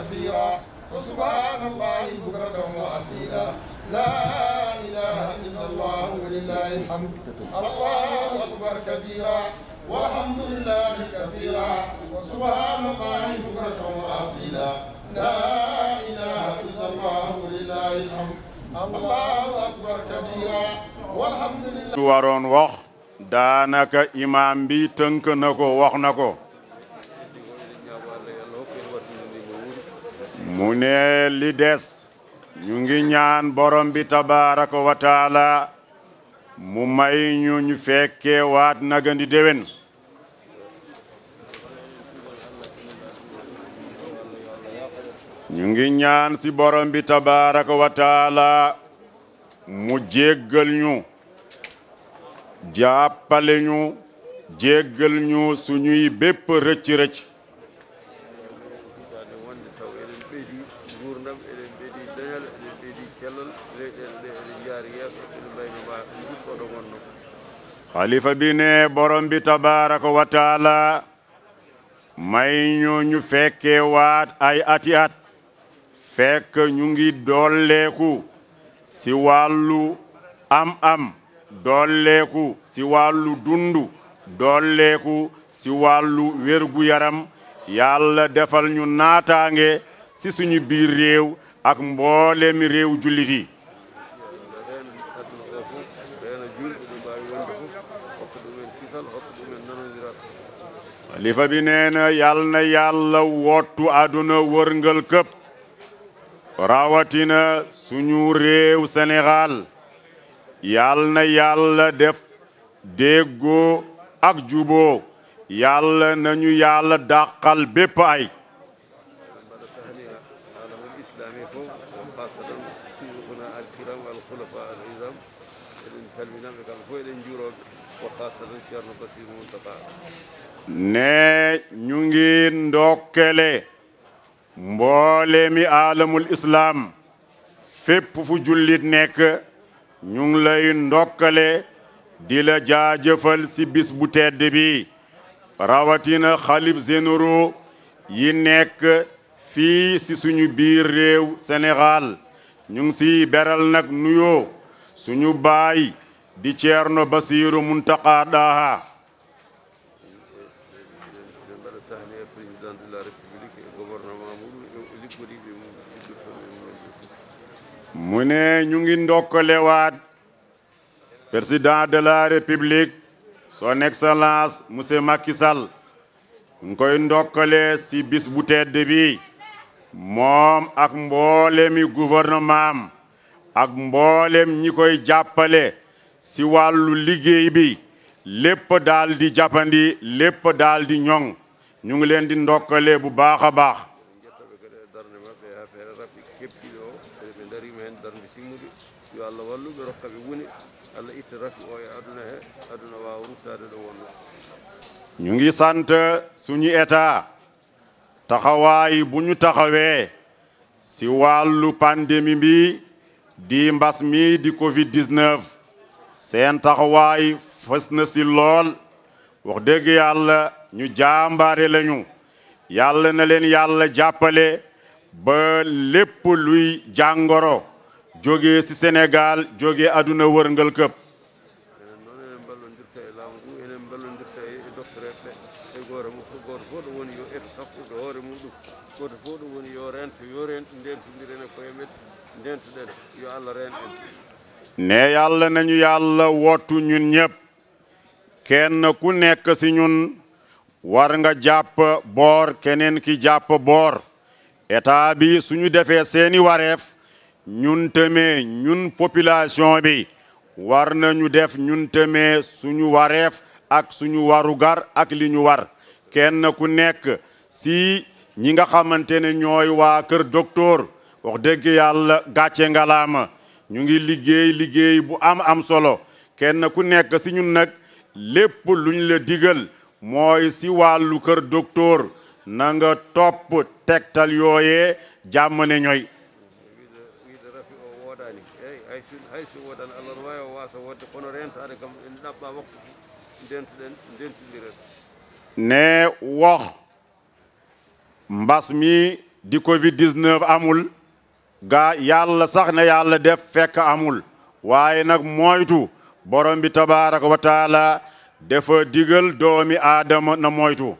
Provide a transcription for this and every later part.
كثيرا فسبحان الله بكرة وأصيلا لا إله إلا الله ولله الحمد الله أكبر كبيرا والحمد لله كثيرا وسبحان الله بكرة وأصيلا لا إله إلا الله ولله الحمد الله أكبر كبيرا والحمد لله waroon wax daanaka imaam bi tënk na ko wax muneel li des ñu ngi ñaan borom bi tabaaraka wa taala mu may ñu ñu fekkee waat nagandi déwén ñu ngi ñaan si borom bi tabaaraka wa taala mu jéggal ñu jàppale ñu jéggal ñu suñuy bépp rëcc rëcc xalifa bi ne borom bi tabaraka wa may ñu ñu fekkee waat ay ati at fekk ñu ngi dolleeku si wàllu am-am dolleeku si wàllu dundu dolleeku si wàllu wérgu-yaram yàlla defal ñu naataange si suñu biir réew ak mboolemi réew jullit yi xalifa bi nee na yal na yàlla wottu àdduna wërngël këpp rawatina suñu réew Sénégal yal na yàlla def déggoo ak juboo yàlla nañu yàlla dàqal bépp ay ne ñu ngi ndokkele mboole mi aalamul islaam fépp fu jullit nekk ñu lay ndokkale di la jaajëfal si bis bu tedd bi rawatina xalif généraux yi nekk fii ci suñu biir réew Sénégal ñu ngi si beral nag nuyoo suñu baay di ceerno basiiru muntaqa daha mu ne ñu ngi ndokkalewaat président de la république son excellence monsieur Macky Sall ñu koy ndokkale si bis bu tedd bi moom ak mboolemi gouvernement ak mboolem ñi koy jàppale si wàllu liggéey bi lépp daal di jàppandi lépp daal di ñoŋ ñu ngi leen di ndokkale bu baax a baax yo allah walluɓe ñu ngi sant suñu état taxawaay bu ñu taxawee ci wàllu pandémie bi di mbas mi di covid 19 seen taxawaay fës na si lool wax dëgg yàlla ñu jaambaare lañu yàlla na leen yàlla jàppale ba lépp luy jàngoro jóge ci Sénégal jóge àdduna wërngal këpp ne yàlla nañu yàlla wottu ñun ñépp kenn ku nekk ci ñun war nga jàpp boor keneen ki jàpp boor état bi suñu defee seeni wareef ñun tamee ñun population bi war na ñu def ñun tamee suñu wareef ak suñu warugar ak li ñu war kenn ku nekk si ñi nga xamante ne ñooy waa kër docteur wax dëgg yàlla gàcce ngalaama ñu ngi liggéey liggéey bu am am solo kenn ku nekk si ñun nag lépp luñ la digal mooy si wàllu kër docteur nanga nga topp tegtal yooyee jàmm ne ne wax mbas mi di covid 19 amul gaa yàlla sax na yàlla def fekk amul waaye nag moytu borom bi tabaaraka defa digal doomi aadama na moytu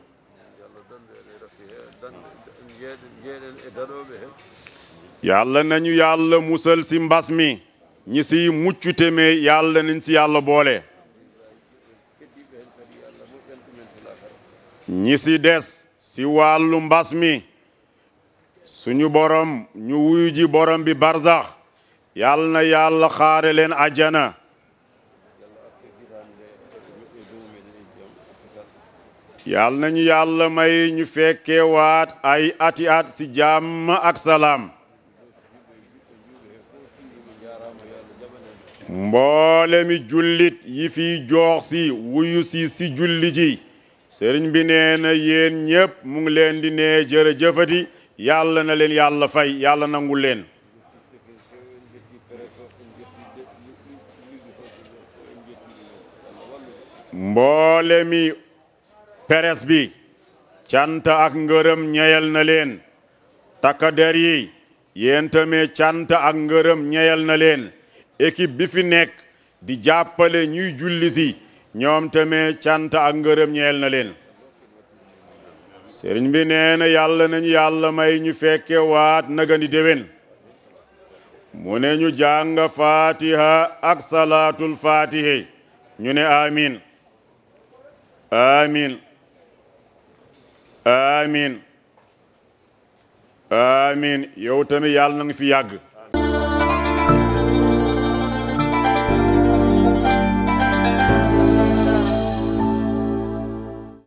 yàlla nañu yàlla musal ci mbas mi ñi ci muccu teme yàlla nañ ci yàlla boole ñi ci des ci wàllu mbas mi suñu borom ñu wuyu borom bi barzax yàlla na yàlla xaare leen ajana yàlla nañu yàlla may ñu fekkee waat ay ati at si jàmm ak salaam mboole mi jullit yi fiy joox si wuyu si si julli ji sëriñ bi nee na yéen ñëpp mu ngi leen di nee jërëjëfati yàlla na leen yàlla fay yàlla nangu leen mboole mi peres bi cant ak ngërëm ñeyal na leen takka der yi yéen tamit cant ak ngërëm ñeyal na leen équipe bi fi nekk di jàppale ñuy julli si ñoom tamit cant ak ngërëm ñeyal na leen sëriñ bi nee na yàlla nañ yàlla may ñu fekkee waat nagandi déwén mu ne ñu jàng fatiha ak salaatul fatihi ñu ne amin amin amin amin yow tami yàlla na nga fi yàgg